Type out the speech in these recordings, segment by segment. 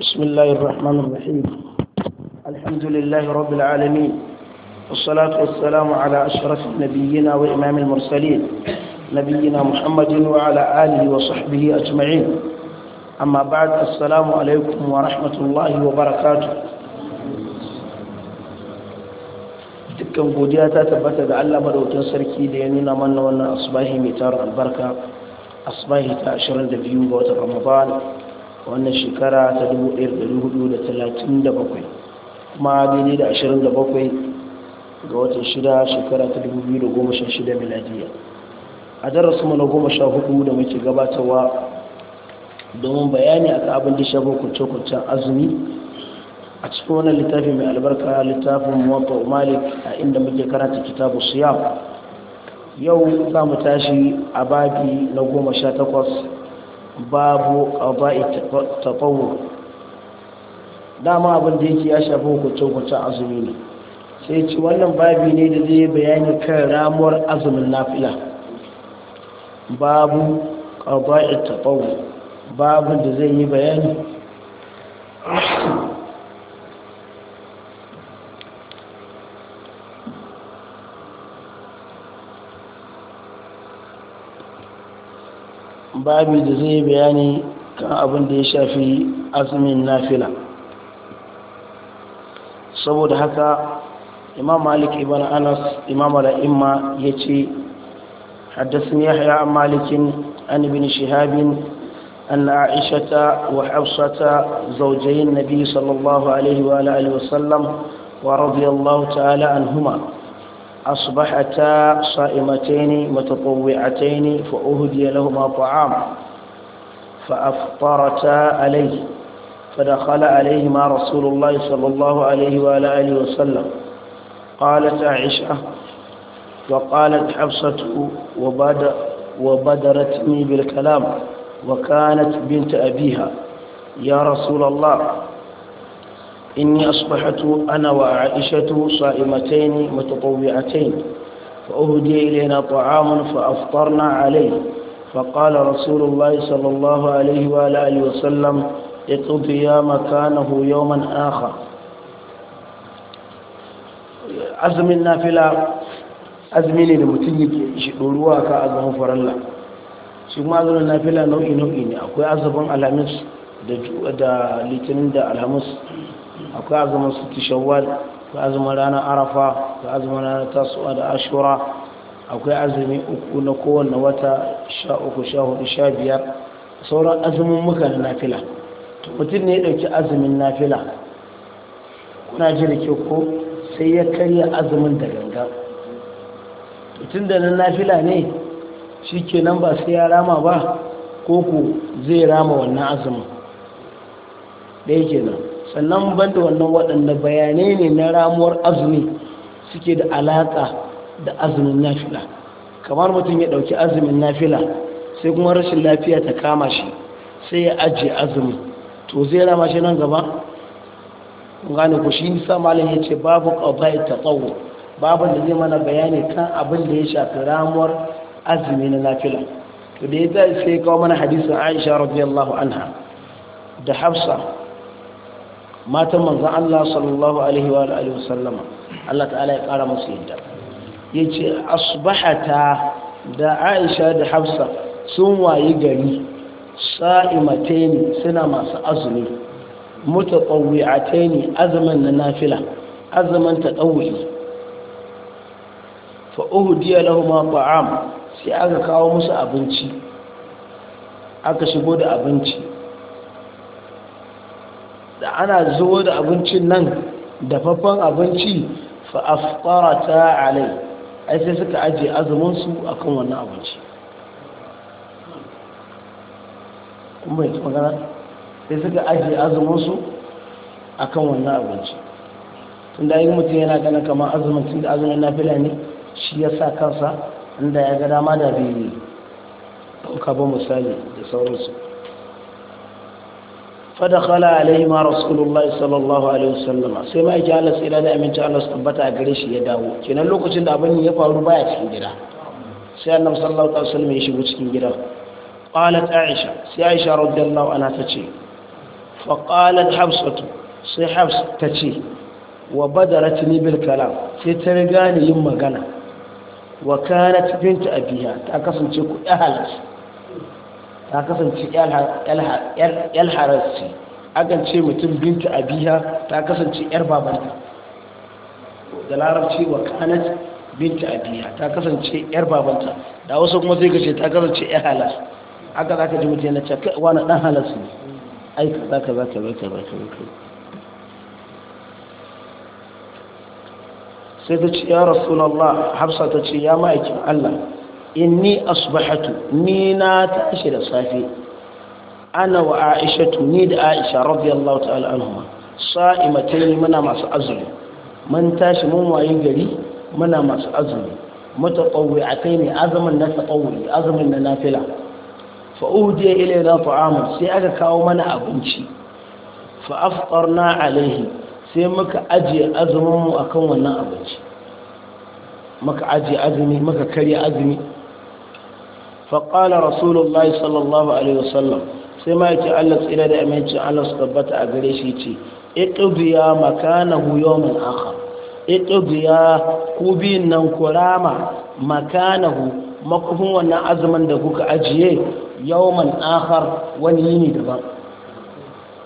بسم الله الرحمن الرحيم الحمد لله رب العالمين والصلاة والسلام على أشرف نبينا وإمام المرسلين نبينا محمد وعلى آله وصحبه أجمعين أما بعد السلام عليكم ورحمة الله وبركاته تكن godiya ta على مدو Allah كي sarki من ya nuna mana wannan asbahi mai tarin albarka asbahi wannan shekara ta 1437 kuma daidai da 27 ga watan shida shekara ta 2016 miladiya a darasu mana goma sha hudu da muke gabatarwa domin bayani a ta abin da shagon kwanciyar azumi a cikin wannan littafi mai albarka littafin mawata malik a inda muke karanta kitabu siyam yau za mu tashi a babi na goma sha takwas babu qada'i tatawwu dama abin da yake ya shafi hukunce azumi ne sai ci wannan babi ne da zai bayani kan ramuwar azumin nafila babu qada'i tatawwu babu da zai yi bayani babi da zai bayani kan abin da ya shafi azumin nafila saboda haka imam malik ibn anas imam al'imma ya ce حدثني يحيى عن مالك عن ابن شهاب أن عائشة وحفصة زوجي النبي صلى الله عليه وآله وسلم ورضي الله تعالى عنهما أصبحتا صائمتين متطوعتين فأهدي لهما طعام فأفطرتا عليه فدخل عليهما رسول الله صلى الله عليه وآله وسلم قالت عائشة وقالت حفصة وبدرتني بالكلام وكانت بنت أبيها يا رسول الله إني أصبحت أنا وعائشة صائمتين متطوعتين فأهدي إلينا طعام فأفطرنا عليه فقال رسول الله صلى الله عليه وآله وسلم اقضي مكانه يوما آخر أزم النافلة أزمين المتنج شئولواك أزم فر الله ثم أزم النافلة نوئي نوئي أقوي أزم على مصر da litinin da alhamis akwai azumin su shawwal akwai azumin ranar arafa akwai azumin ranar tasuwa da ashura akwai azumi uku na kowane wata sha uku sha hudu sha biyar sauran azumin muka na nafila to mutum ne ya ɗauki azumin nafila kuna ji da ke ko sai ya karya azumin da ganga Mutum da na nafila ne shi kenan ba sai ya rama ba ko ku zai rama wannan azumin ɗaya kenan sannan ban da wannan waɗanda bayanai ne na ramuwar azumi suke da alaƙa da azumin nafila kamar mutum ya ɗauki azumin nafila sai kuma rashin lafiya ta kama shi sai ya ajiye azumi to zai rama shi nan gaba gane ku shi sa malam ya ce babu ƙaubai ta tsawo babu da zai mana bayani kan abin da ya shafi ramuwar azumi na nafila to da ya sai kawo mana hadisin aisha radiyallahu anha da hafsa matan manzan Allah sallallahu alaihi wa wasallama Allah ta'ala ya kara musu yadda yace asbahata da Aisha da Hafsa sun wayi gari sa'imataini suna masu azumi mutatawwi'ataini azumin na nafila azman ta fa fauhudiya lahuma ba'am sai aka kawo musu abinci aka shigo da abinci da ana zuwa da abincin nan dafaffen abinci fa'afara ta alai ai sai suka ajiye azuminsu a kan wannan abinci kuma ya magana sai suka ajiye azuminsu a kan wannan abinci tun da yin mutum yana gana kamar azumin tun da azumin na fila ne shi ya sa kansa inda ya gada ma da bai ɗauka ba misali da sauransu فدخل عليهما رسول الله sallallahu alaihi عليه وسلم sai ma yake Allah tsira da aminci Allah su tabbata a gare shi ya dawo kenan lokacin da abin ya faru baya cikin gida sai annabi sallallahu alaihi wasallam ya shigo cikin gida qalat aisha sai aisha radiyallahu anha tace fa qalat hafsatu sai hafs tace wa badarat ni bil kalam sai ta riga ni yin magana wa kanat bint abiha ta kasance ku ya halas ta kasance yal harasci akan ce mutum binta abiha ta kasance yar babanta da larabci wa kanat binta abiha ta kasance yar babanta da wasu kuma zai kace ta kasance yar halas aka ka ji mutum yana cewa wani dan halas ne ai kaza kaza kaza kaza kaza sai ta ce ya rasulullah hafsa ta ce ya ma'aikin Allah inni asbahatu ni na tashi da safe ana wa aishatu ni da aisha radiyallahu ta'ala anhuma sa'imatai muna masu azumi mun tashi mun wayin gari muna masu azumi mutaqawwi'atai ne azumin na taqawwi azumin na nafila fa udiya ilayna ta'amun sai aka kawo mana abinci fa afqarna alaihi sai muka ajiye azumin mu akan wannan abinci muka ajiye azumi muka karya azumi faƙala rasulullahi sallallahu alaihi wasallam sai ma allah tsira da aminci allah su tabbata a gare shi ce iqbiya makanahu yawmin akhar iqbiya ku biyun nan kurama makanahu makufin wannan azumin da kuka ajiye yawman akhar wani yini daban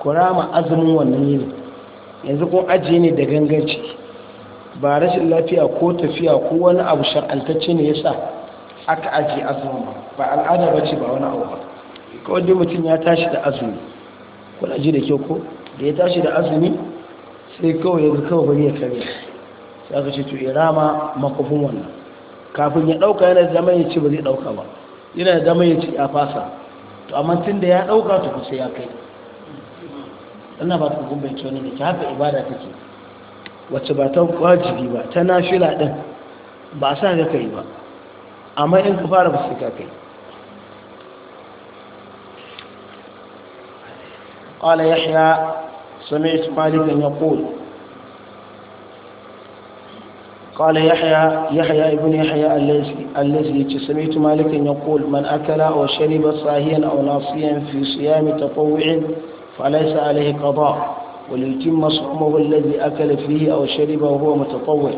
kurama azumin wannan yini yanzu kun ajiye ne da ganganci ba rashin lafiya ko tafiya ko wani abu shar'antacce ne ya sa. aka ake azumin ba ba al'ada ba ce ba wani abu ba kawai dai mutum ya tashi da azumi kuna ji da kyau ko da ya tashi da azumi sai kawai ya ga kawai bari ya kare sai aka ce to irama makofin wannan kafin ya dauka yana zama ya ci ba zai dauka ba yana zama ya ci ya fasa to amma tun da ya dauka to sai ya kai Allah ba ta gumbace wani ne ta haka ibada take wacce ba ta wajibi ba ta nafila din ba sa ga kai ba اما ان کفار بس ba قال يحيى سمعت مالكا يقول قال يحيى يحيى ابن يحيى الذي الذي سمعت مالكا يقول من اكل او شرب صاهيا او ناصيا في صيام تطوع فليس عليه قضاء وليتم صومه الذي اكل فيه او شرب وهو متطوع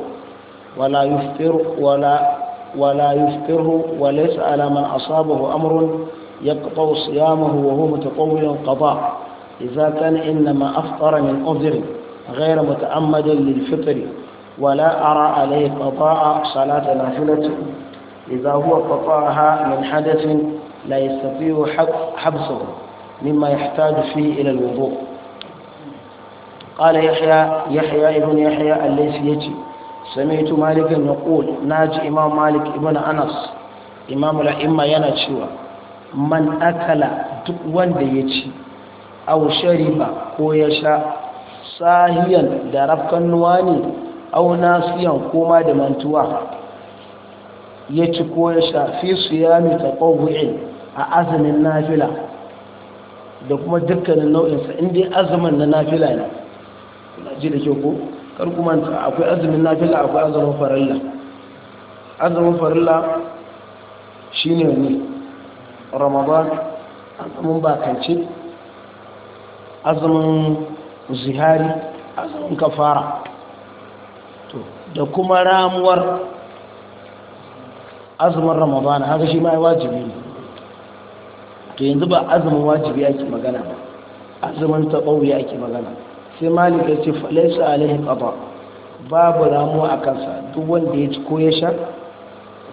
ولا يفطر ولا ولا يفطره وليس على من أصابه أمر يقطع صيامه وهو متطول القضاء إذا كان إنما أفطر من أذر غير متعمد للفطر ولا أرى عليه قضاء صلاة نافلة إذا هو قطعها من حدث لا يستطيع حبسه مما يحتاج فيه إلى الوضوء قال يحيى يحيى ابن يحيى الليث يجي سميت مالك يقول ناجي إمام مالك ابن أنس إمام الأئمة ينشوى من أكل دقوان ديتي أو شرب ويشاء ساهيا دربك النواني أو ناسيا كوما دمنتوا يتي ويشاء في صيام تطوع أعزم النافلة da kuma dukkanin nau'insa inda azumin na nafila ne ji kar kuma akwai azumin nafila akwai azumin farilla azumin farilla shi ne ramadan azumin bakance azumin zihari azumin kafara da kuma ramuwar azumin ramadan haka shi ma ya wajibi ne to yanzu ba azumin wajibi ake magana ba azumin ya ake magana sai malik ya ce falaisa alaihi qada babu ramuwa a kansa duk wanda ya ci ko ya sha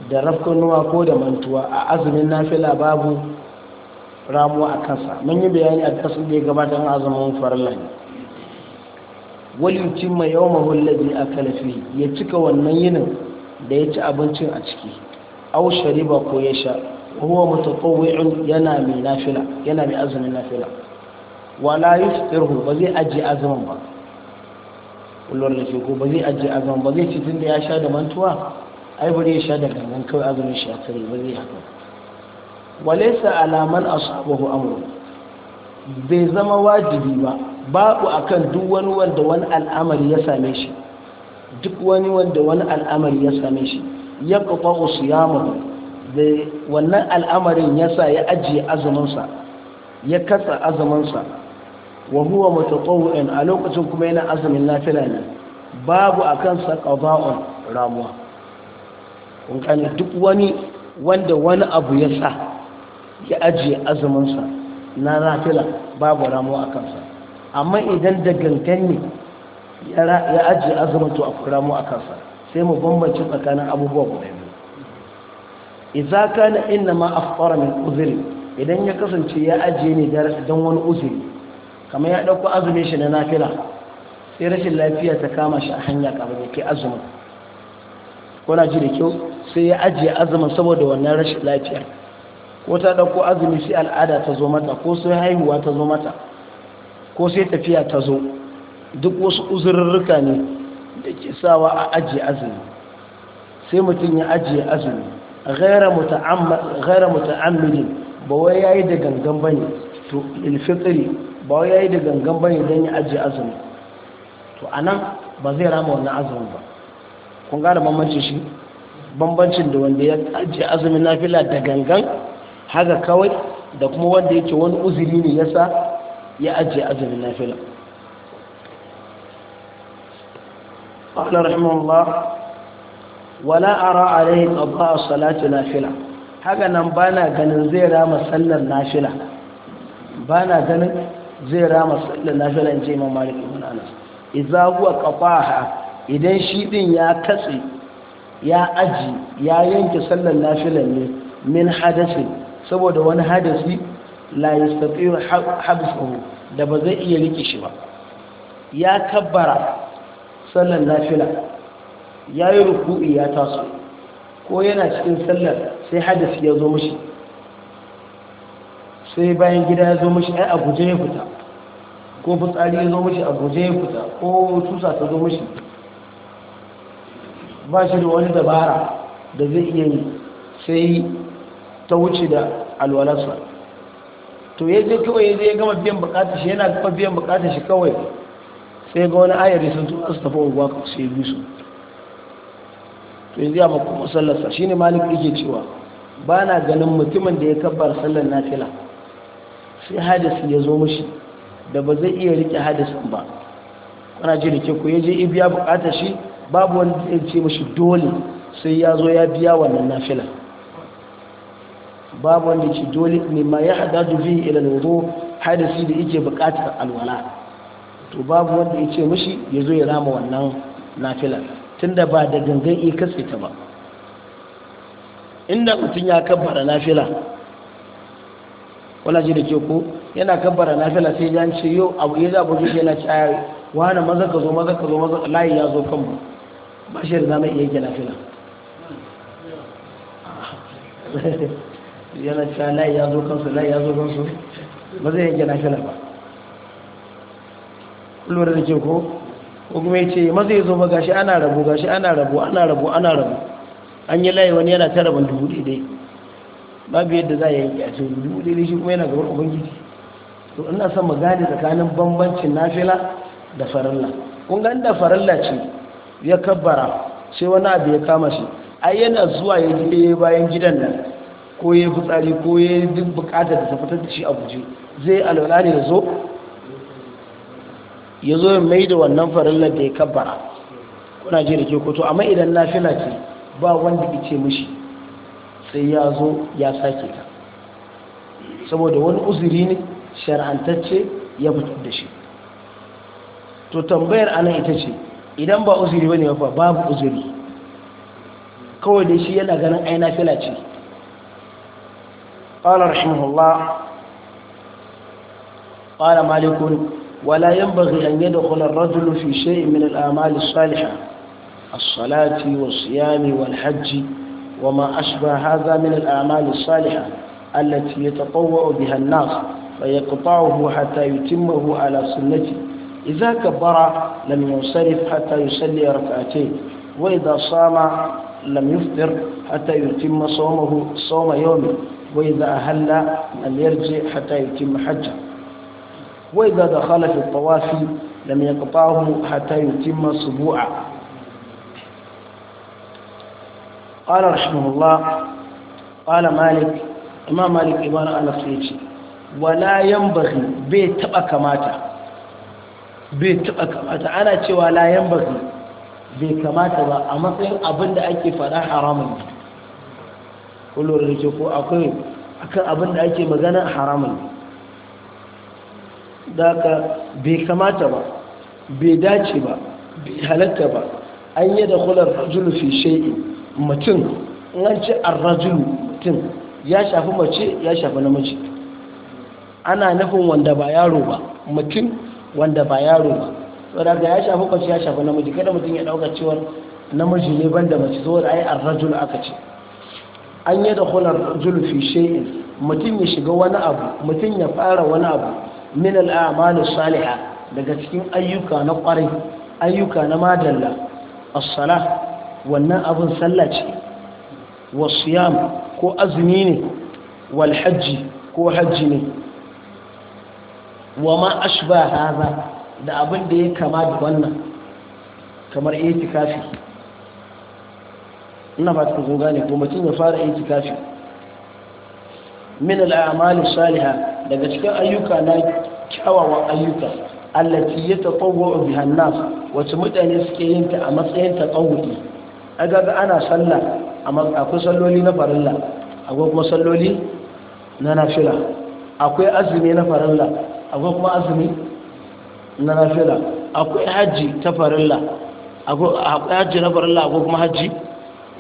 da rafkanuwa ko da mantuwa a azumin nafila babu ramuwa a kansa mun yi bayani a kasu da ya gabata an azumin farlan ne mai yawon yawmahu alladhi akala fihi ya cika wannan yinin da ya ci abincin a ciki aw shariba ko ya sha huwa mutatawwi'un yana mai nafila yana mai azumin nafila wala yufṭirhu ba zai ajiye azumin ba kullum da ko ba zai ajiye azumin ba zai ci tun da ya sha da mantuwa ai ba zai sha da gangan kawai azumin shi a kare ba zai haka walaysa alaman asabahu amru bai zama wajibi ba babu akan duk wani wanda wani al'amari ya same shi duk wani wanda wani al'amari ya same shi ya kafa siyamahu da wannan al'amarin ya sa ya ajiye azuminsa ya katsa azuminsa wa huwa mutatawwi'in a lokacin kuma yana azumin nafila ne babu akan sa qada'un ramuwa kun kana duk wani wanda wani abu ya sa ya ajiye azumin sa na nafila babu ramuwa akan sa amma idan da gangan ne ya ajiye azumin to akwai ramuwa akan sa sai mu bambance tsakanin abubuwa guda biyu idza kana inna ma afqara min uzri idan ya kasance ya ajiye ne don wani uzuri kamar ya ɗauko azumin shi na nafila sai rashin lafiya ta kama shi a hanya kamar ya ke azumin kuna ji da kyau sai ya ajiye azumin saboda wannan rashin lafiyar ko ta ɗauko azumi sai al'ada ta zo mata ko sai haihuwa ta zo mata ko sai tafiya ta zo duk wasu uzurruka ne da ke sawa a ajiye azumi sai mutum ya ajiye azumi gaira mutu'ammilin ba wai yi da gangan bane to ilfitri ba wai yayi da gangan bane dan ya ajiye azumi to anan ba zai rama wannan azumin ba kun gane bambancin shi bambancin da wanda ya ajiye azumin nafila da gangan haka kawai da kuma wanda yake wani uzuri ne yasa ya ajiye azumin nafila wala a الله ولا أرى a قضاء na fila. haka nan bana ganin zai rama sallar nafila ba na ganin zai rama sallar nafila in malik ibn anas idza huwa idan shi din ya katse ya aji ya yanke sallar nafila ne min hadasin saboda wani hadasi la yastati'u habsuhu da ba zai iya rike shi ba ya kabbara sallar nafila ya yi ruku'i ya taso ko yana cikin sallar sai hadasi ya zo mashi sai bayan gida ya zo mashi ai a guje ya fita ko fitsari ya zo mashi a guje ya fita ko tusa ta zo mashi ba shi da wani dabara da zai iya yi sai ta wuce da alwalarsa to ya zai kawai ya zai ya gama biyan bukatar shi yana gama biyan bukatar shi kawai sai ga wani ayari sun tuka su tafi unguwa sai bi bisu. to yanzu ya maku sallarsa shine malik yake cewa ba na ganin mutumin da ya kabbar sallar na fila? sai hadasi ya zo mashi da ba zai iya rike hadasin ba kuna ji da ke ku yaje in biya bukata shi babu wanda zai ce mashi dole sai ya zo ya biya wannan nafila babu wanda ce dole ne ma ya hada dubi ila wudu hadasi da yake bukatar alwala to babu wanda ya ce mashi ya zo ya rama wannan nafila tunda ba da gangan iya katse ba inda mutum ya kabbara nafila wala ji da ke ko yana kabbara na fila sai ya ce yau abu ya zabo shi yana ci ayi wani maza ka zo maza ka zo maza layi ya zo kanmu ba shi da zama iya gina fila yana ci layi ya zo kansu layi ya zo kansu ba zai yake fila ba kullum da ke ko ko kuma ya ce maza ya zo ba gashi ana rabu gashi ana rabu ana rabu ana rabu an yi layi wani yana ta rabin dubu daidai babu yadda za a yi a dubu ɗaya da shi kuma yana gabar ubangiji to ina son mu gane tsakanin bambancin nafila da faralla. kun ga inda farilla ce ya kabbara sai wani abu ya kama shi ai yana zuwa ya je bayan gidan nan ko ya fitsari ko ya duk bukatar da ta fitar da shi a guje zai alwala ne ya zo ya zo ya mai da wannan farillar da ya kabbara kuna ji da ke koto amma idan nafila ce ba wanda ke ce mishi sai ya zo ya sake ta saboda wani uzuri ne shari'antacce ya fitar da shi to tambayar anan ita ce idan ba uziri ba ne ba babu uzuri kawai da shi yana ganin aina fila ce ƙwalar rahimahullah ƙwalar malikun wala yin ba zai hanyar da ƙwalar rajulufi shayi min al'amali salisha a salati wasu siyami wal hajji وما أشبه هذا من الأعمال الصالحة التي يتطوع بها الناس فيقطعه حتى يتمه على سنته إذا كبر لم ينصرف حتى يصلي ركعتين وإذا صام لم يفطر حتى يتم صومه صوم يومه وإذا أهل لم يرجع حتى يتم حجه وإذا دخل في الطواف لم يقطعه حتى يتم سبوعه قال رحمه الله قال مالك إمام مالك إبان أنس يجي ولا ينبغي بيت أكماتا بيت أكماتا أنا تي ولا ينبغي بيت أكماتا أما سير أبن أكي فلا حرام kullum da ke ko akwai akan abin da ake magana haramun da ka bai kamata ba bai dace ba bai halatta ba an yi da kular rajulu fi shai'in mutum in an ce arrajulu mutum ya shafi mace ya shafi namiji ana nufin wanda ba yaro ba mutum wanda ba yaro ba saboda ya shafi mace ya shafi namiji kada mutum ya dauka cewar namiji ne banda mace saboda ai arrajulu aka ce an yi da kular fi shay'in mutum ya shiga wani abu mutum ya fara wani abu min al'amalu salihah daga cikin ayyuka na kwarai ayyuka na madalla as-salah wannan abin sallah ce wasiyam ko azumi ne wal ko hajji ne wa ma ashba haza da abin da ya kama da wannan kamar itikafi ina ba ta kun gane ko mutum ya fara itikafi min al'amal Saliha, daga cikin ayyuka na kyawawan ayyuka allati yatatawwa biha an-nas wace mutane suke yinta a matsayin tatawwudi aga ana sallah amma akwai salloli na farilla akwai kuma salloli na nafila akwai azumi na farilla akwai kuma azumi na nafila akwai hajji ta farilla akwai hajji na farilla akwai kuma hajji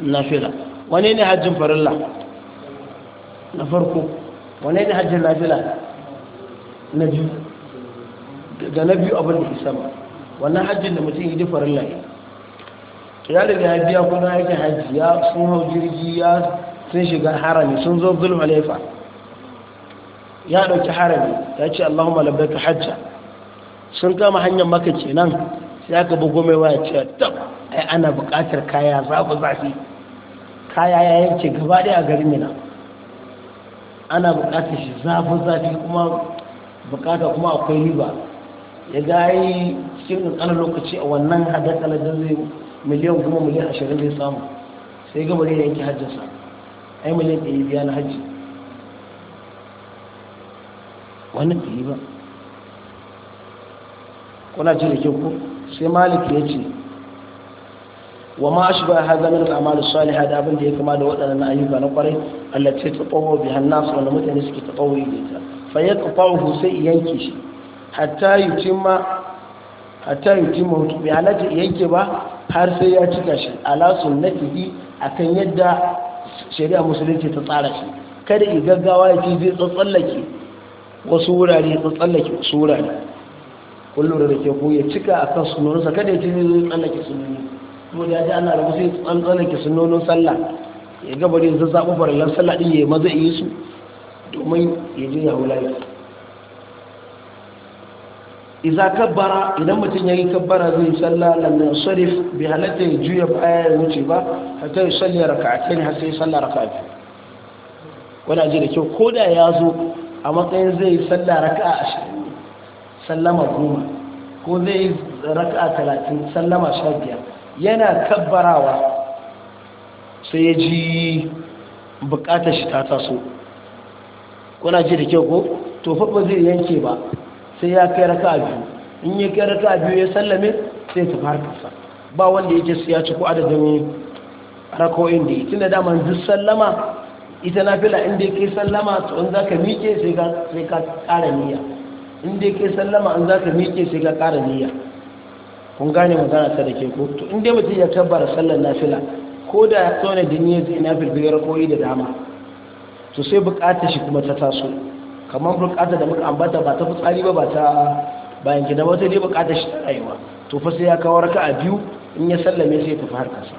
nafila wane ne hajjin farilla na farko wane ne hajjin nafila na biyu da na biyu abin da ke sama wannan hajjin da mutum yi farilla ne ya daga ya biya kuna yake hajji ya sun hau jirgi ya sun shiga harami sun zo zulm alaifa ya ɗauki harami ya ce allahumma labbaika hajja sun kama hanyar maka kenan sai aka bugo mai waya ce tab ai ana buƙatar kaya ku zafi kaya ya yanke gaba ɗaya a garin mina ana buƙatar shi zafi zafi kuma buƙata kuma akwai riba ya ga yi cikin ƙanƙanin lokaci a wannan hada da zai miliyan kuma miliyan ashirin zai samu sai gaba zai yanke hajjinsa yi miliyan ɗaya biya na hajji wannan ɗaya ba kuna ce da kyau ko sai malik ya ce wa ma shi ba haza min al'amal salih da abin da ya kama da waɗannan ayyuka na kwarai allace ta tsawo bi hannas wanda mutane suke ta tsawo da ita ka ya tsawo sai yanke shi hatta yutimma hatta bi hannu ta yanke ba har sai ya cika shi ala sunnatihi akan yadda shari'a musulunci ta tsara shi kada i gaggawa ya ce zai tsatsallake wasu wurare ya tsallake wasu wurare kullum da ke ku ya cika a kan sunonsa kada ya ce zai tsallake sunoni kuma da ya ji ana da wasu ya tsallake sunonin sallah ya gaba da zaɓi farallar sallah ɗin ya maza iya su domin ya ji ya wulaye iza kabbara idan mutum ya yi kabbara zai salla lallan sarif bai halatta ya juya baya ya wuce ba hatta ya salla raka'atain har sai salla raka'a wanda ji da kyau ko da ya zo a matsayin zai yi salla raka'a ashirin sallama goma ko zai yi raka'a talatin sallama sha biyar yana kabbarawa sai ya ji bukatar shi ta taso kuna ji da kyau ko to fa ba zai yanke ba sai ya kai raka biyu in ya kai raka biyu ya sallame sai ta fara kasa ba wanda yake su ya ci ku adadin rakoyin da ita na dama duk sallama ita na fila inda kai sallama to in za ka miƙe sai ka ƙara niyya inda kai sallama in za ka miƙe sai ka ƙara niyya kun gane magana ta da ke ko to inda mutum ya tabbara sallar na fila ko da ya tsone da niyyar zai nafil biyar koyi da dama to sai buƙatar shi kuma ta taso kamar bukatar da muka ambata ba ta fitsari ba ba ta bayan gida ba sai dai bukatar shi rayuwa to fa sai ya kawo raka a biyu in ya sallame sai ya tafi har kasa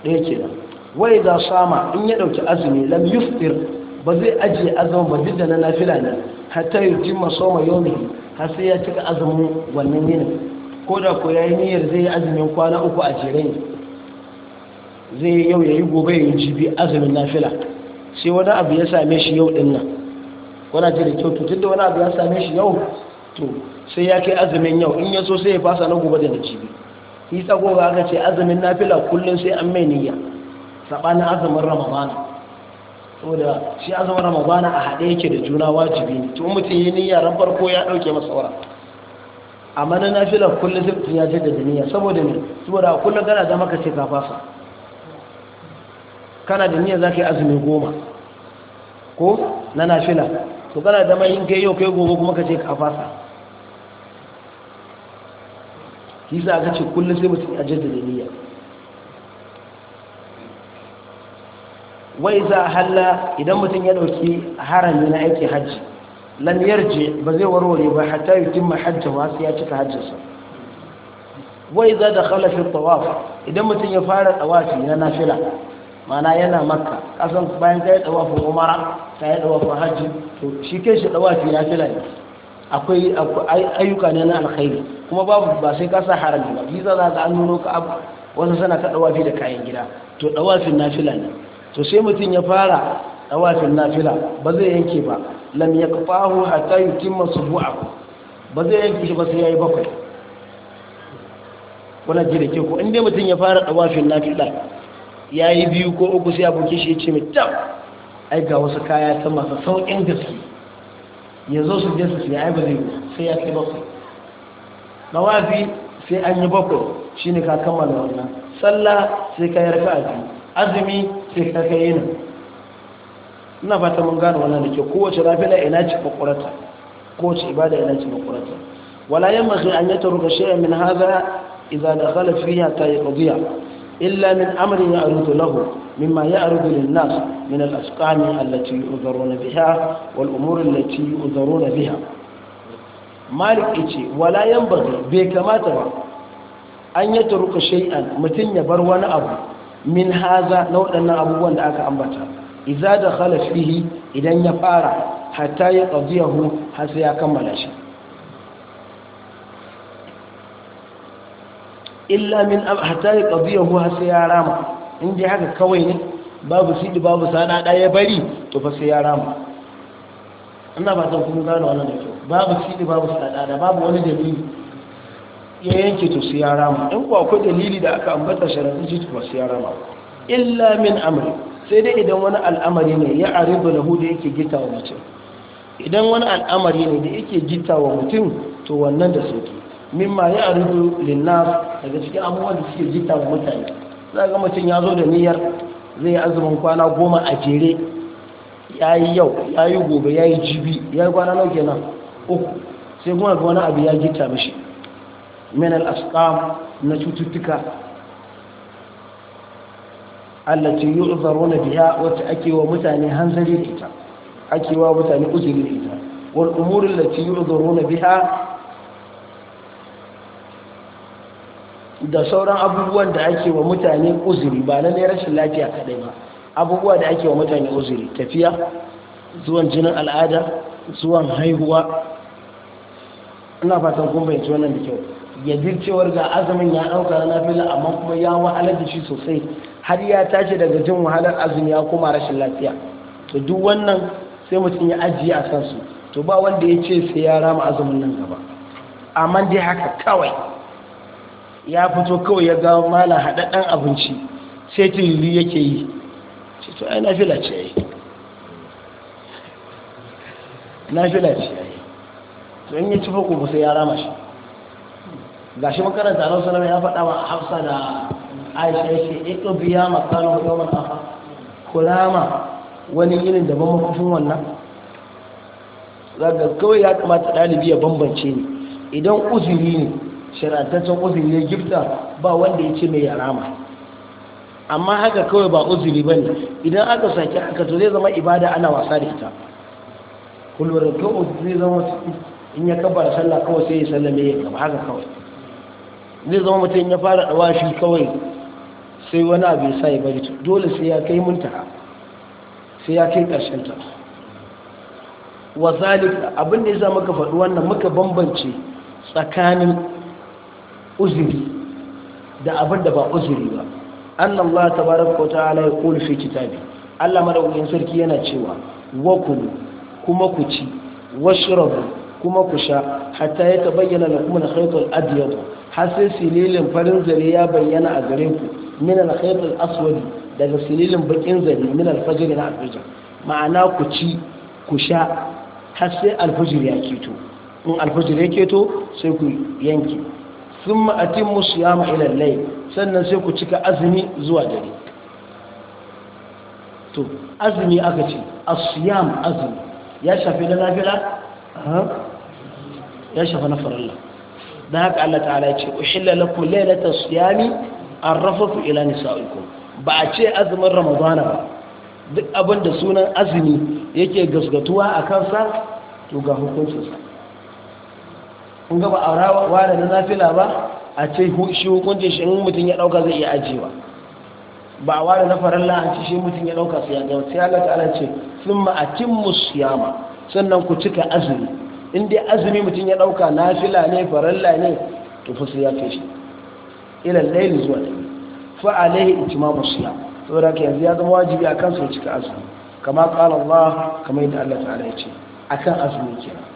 ɗaya da, wai za sama in ya ɗauki azumi lam yuftir ba zai ajiye azumin ba duk na nafila ne hatta yi jimma soma yomi har sai ya cika azumin wannan yinin ko da ko ya niyyar zai yi azumin kwana uku a jere ne zai yau ya gobe ya jibi azumin nafila sai wani abu ya same shi yau dinnan. kuna ji da kyau to tunda wani abu ya same shi yau to sai ya kai azumin yau in ya so sai ya fasa na gobe da na cibi yi tsagowa aka ce azumin na fila kullum sai an mai niyya saɓanin azumin ramadana saboda shi azumin ramadana a haɗe yake da juna wajibi ne to mutum yi niyya ran farko ya ɗauke masa wara amma na fila kullum sai mutum ya ce da niyya saboda ne saboda kullum kana da maka ce ka fasa kana da niyya za ka yi azumin goma ko na nafila to kana zama yin kai yau kai gobe kuma ka ce ka fasa shi sa aka ce kullum sai mutum ya jirgin niyya wai za halla idan mutum ya dauki harami na aiki hajji lam yarje ba zai warware ba hatta tun hajjawa wasu ya cika hajjinsa wai za da khalafin tawafa idan mutum ya fara tsawafi na nafila mana yana makka kasan bayan ka yi dawafin umara ka yi dawafin hajji to shi ke shi dawafi na fila ne akwai ayyuka ne na alkhairi kuma babu ba sai ka sa harami ba biza za ka an nuno ka abu wasu sana dawa fi da kayan gida to fi na fila ne to sai mutum ya fara fi na fila ba zai yanke ba lam yaqfahu hatta yutimma subu'ahu ba zai yanke shi ba sai yayi bakwai wannan jira ke ko in mutum ya fara fi na fila ya yi biyu ko uku sai abokin shi ya ce mai tab ai ga wasu kaya ta masu sauƙin gaske ya zo su je su siya zai sai ya kai bakwai wafi sai an yi bakwai ne ka kammala wannan sallah sai ka yi a biyu azumi sai ka kai nan. ina fata mun gane wannan da ke kowace rafila ina ci makwarata kowace ibada ina ci makwarata wala yamma sai an yi taruka shi'a min haza da dakhala ya ta yi qadiya illa min amrin ya arudu lahu mimma ya arudu lil nas min al asqami allati yuzaruna biha wal umur allati yuzaruna biha malik ice wala yanbaghi bai kamata ba an ya turuka shay'an mutun ya bar wani abu min haza na waɗannan abubuwan da aka ambata Iza da fihi idan ya fara hatta ya qadiyahu har sai ya kammala shi illa min hatta ya qadiyahu huwa sai ya rama in ji haka kawai ne babu sidi babu sana da ya bari to fa sai ya rama ina ba zan kuma gano wannan da kyau babu sidi babu sana da babu wani dalili ya yanke to sai ya rama in kuwa akwai dalili da aka ambata sharadin shi to sai ya rama illa min amri sai dai idan wani al'amari ne ya aribu lahu da yake gita wa mutum idan wani al'amari ne da yake gita wa mutum to wannan da sauki mimma ya arzu linnas daga cikin abubuwan da suke jita wa mutane za ga mutum ya zo da niyyar zai azumin kwana goma a jere ya yi yau ya yi gobe ya yi jibi ya yi kwana nauke nan uku sai kuma ga wani abu ya jita mishi min al-asqam na cututtuka allati yu'zaruna biha wacce ake wa mutane hanzari da ita ake wa mutane uzuri da ita wal umuri allati yu'zaruna biha da sauran abubuwan da ake wa mutane uzuri ba na rashin lafiya kadai ba abubuwa da ake wa mutane uzuri tafiya zuwan jinin al'ada zuwan haihuwa ina fatan kun bayyance wannan da kyau ya cewar ga azumin ya ɗauka na nafila amma kuma ya wahalar da shi sosai har ya tashi daga jin wahalar azumi ya koma rashin lafiya to duk wannan sai mutum ya ajiye a kansu to ba wanda ya ce sai ya rama azumin nan gaba amma dai haka kawai ya fito kawai ya ga mala haɗaɗɗen abinci sai tilili yake yi ce to ai nafila ce ya yi nafila ce ya yi to in yi ci fako sai ya rama shi ga shi makaranta a rasu ya faɗa wa hafsa da aisha ya ce ito biya makanon yawon afa rama wani irin daban mafafin wannan zaga kawai ya kamata ɗalibi ya bambance ne idan uzuri ne shiratattun uzuri ya gifta ba wanda ya ce mai yarama amma haka kawai ba uzuri ba ne idan aka sake haka to zai zama ibada ana wasa da ita kullum kawai zai zama in ya kabar sallah kawai sai ya sallame ya kaba haka kawai zai zama mutum ya fara da shi kawai sai wani abu ya sa ya bari dole sai ya kai munta sai ya kai ƙarshen ta wa zalika abin da ya sa muka faɗi wannan muka bambance tsakanin uzuri da abin da ba uzuri ba annan Allah tabaraka ta'ala ya qul fi kitabi Allah madaukakin sarki yana cewa wa kulu kuma ku ci washrabu kuma ku sha Hata ya ta bayyana na kuma na haifar abyad har sai sililin farin zare ya bayyana a gare ku min haifar khayt daga sililin bakin zare min al na al ma'ana ku ci ku sha har sai al ya keto in al ya keto sai ku yanke sun ma'atin musu ya ma'ilan lai sannan sai ku cika azumi zuwa dare to azumi aka ce asiyam azumi ya shafi na nafila ya shafi na farilla don haka Allah ta'ala ya ce uhilla lakum lailatal siyami arrafatu ila nisaikum ba a ce azumin ramadana ba duk abinda sunan azumi yake gasgatuwa a kansa to ga hukuncinsa kun gaba a rawa da na nafila ba a ce shi hukunci shi in mutum ya dauka zai iya ajiyewa ba a ware na farilla a ci shi mutum ya dauka sai ya gama sai Allah ta'ala ce sun ma'akin yama sannan ku cika azumi in dai azumi mutum ya dauka nafila ne farilla ne to fa sai ya kai shi ila layli zuwa dare fa alaihi itimamu to da ka yanzu ya zama wajibi akan ya cika azumi kama qala Allah kamar yadda Allah ta'ala ya ce akan azumi kenan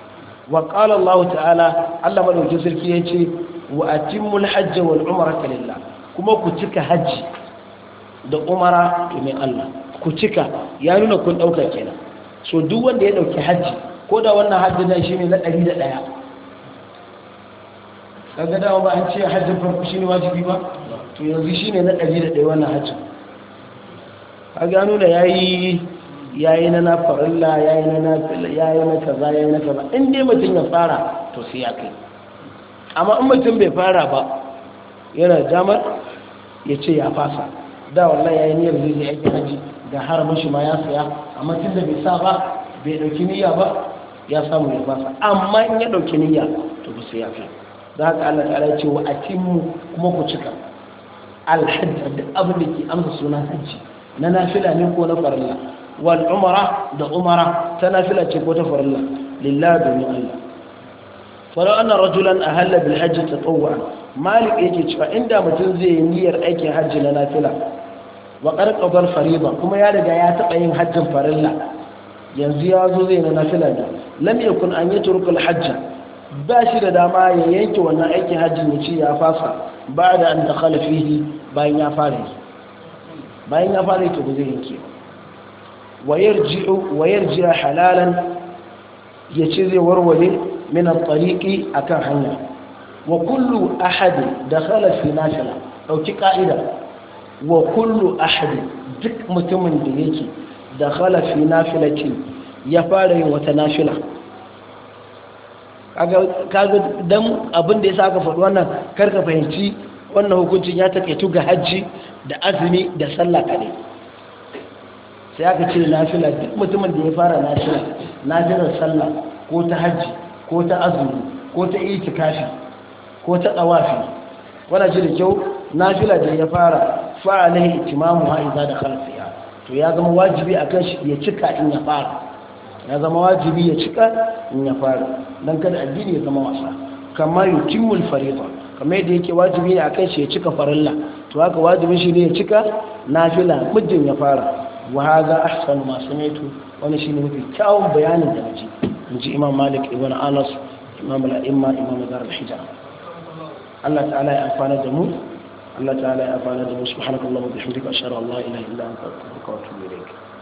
wa ƙala Allah ta'ala Allah madaukin sarki ce wa atimmul hajji wa umrata kalilla kuma ku cika hajji da umara domin Allah ku cika ya nuna kun ɗauka kenan so duk wanda ya ɗauki hajji ko da wannan hajji shi ne na ɗari da ɗaya dawo ba an ce hajji farko ne wajibi ba to yanzu ne na ɗari da ɗaya wannan hajji yi na nafarilla yi na nafila yi na kaza yi na kaza in dai mutum ya fara to sai ya kai amma in mutum bai fara ba yana damar ya ce ya fasa da wallahi yi niyyar zai yi aiki haji da har mashi ma ya saya amma tun da bai sa ba bai dauki niyya ba ya samu ya fasa amma in ya dauki niyya to ba sai ya kai za ka Allah ta'ala wa atimmu kuma ku cika alhajj da abin da ke amsa suna hajji na nafila ne ko na farilla wal umara da umara ta nafila ce ko ta farilla lillahi domin Allah falau anna rajulan ahalla bil hajji tatawwa malik yake cewa inda mutum zai yi niyyar aikin hajji na nafila wa qarqadar fariba kuma ya riga ya taɓa yin hajjin farilla yanzu ya zo zai na nafila da lam yakun an yi al hajja ba shi da dama ya yanke wannan aikin hajji ne ci ya fasa ba da an dakhala bayan ya fara bayan ya fara to zai yanke wayar jiya halalan ya ce zai warware min tariki akan hanya wa kullu ahadin da khalafi nafila dauki ka'ida wa kullu ahadin duk mutumin da yake da khalafi nafilatin ya fara yin wata nafila kaga dan abinda da ya sa ka faɗi wannan karka fahimci wannan hukuncin ya taƙaitu ga hajji da azumi da sallah kaɗai sai aka cire nafila duk mutumin da ya fara nafila nafilar sallah ko ta hajji ko ta azumi ko ta itikafi ko ta tsawafi Wana shi da kyau nafila da ya fara fa'alai itimamu ha idza dakhala to ya zama wajibi akan shi ya cika in ya fara ya zama wajibi ya cika in ya fara Don kada addini ya zama wasa kamar yutimul fariḍa kamar yadda yake wajibi ne akan shi ya cika farilla to haka wajibi shi ne ya cika nafila muddin ya fara wa hadha ahsanu ma sami'tu wani shine mafi kyawun bayanin da naji inji imam malik ibn anas imam al-a'imma imam dar al Allah ta'ala ya amfana da mu Allah ta'ala ya amfana da mu subhanakallahu wa bihamdika ashhadu